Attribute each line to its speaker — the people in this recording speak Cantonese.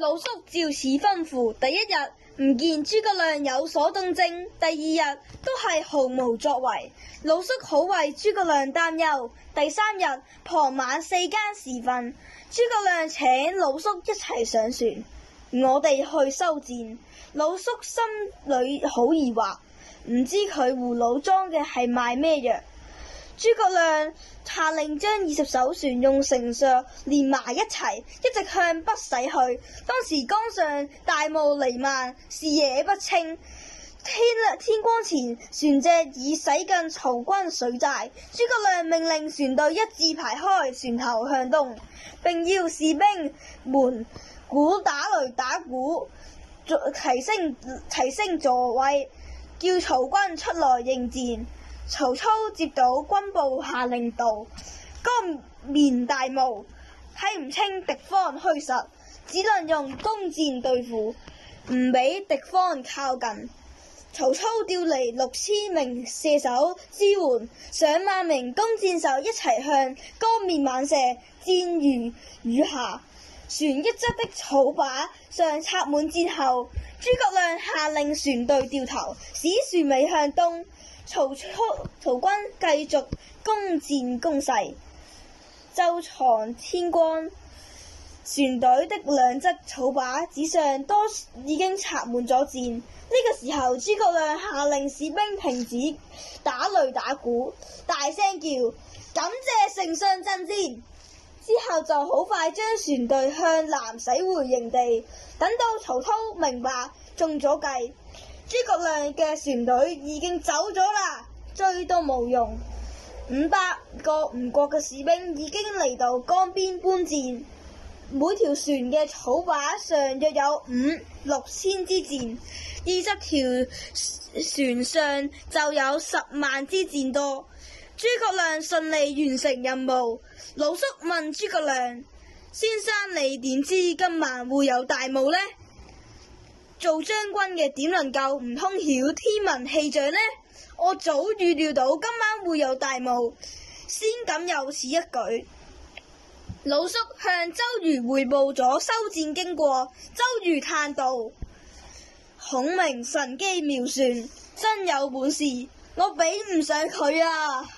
Speaker 1: 老叔照此吩咐。第一日唔見諸葛亮有所動靜，第二日都係毫無作為。老叔好為諸葛亮擔憂。第三日傍晚四更時分，諸葛亮請老叔一齊上船，我哋去收箭。老叔心裏好疑惑，唔知佢葫蘆裝嘅係賣咩藥？諸葛亮下令將二十艘船用繩索連埋一齊，一直向北駛去。當時江上大霧彌漫，視野不清。天亮天光前，船隻已駛近曹軍水寨。諸葛亮命令船隊一字排開，船頭向東，並要士兵們鼓打雷打鼓，齊聲齊聲助威，叫曹軍出來應戰。曹操接到軍部下令道：江面大霧，睇唔清敵方虛實，只能用弓箭對付，唔俾敵方靠近。曹操調嚟六千名射手支援，上萬名弓箭手一齊向江面猛射，箭如雨下。船一側的草把上插滿箭後。諸葛亮下令船隊掉頭，使船尾向東。曹操、曹軍繼續攻佔攻勢。周藏天光，船隊的兩側草把紙上多已經插滿咗箭。呢、這個時候，諸葛亮下令士兵停止打擂打鼓，大聲叫：感謝丞相贈箭！之後就好快將船隊向南駛回營地，等到曹操明白中咗計，諸葛亮嘅船隊已經走咗啦，追都冇用。五百個吳國嘅士兵已經嚟到江邊搬箭，每條船嘅草靶上約有五六千支箭，二十條船上就有十萬支箭多。諸葛亮順利完成任務，老叔問諸葛亮：先生，你點知今晚會有大霧呢？做將軍嘅，點能夠唔通曉天文氣象呢？我早預料到今晚會有大霧，先敢有此一舉。老叔向周瑜匯報咗收戰經過，周瑜嘆道：孔明神機妙算，真有本事，我比唔上佢啊！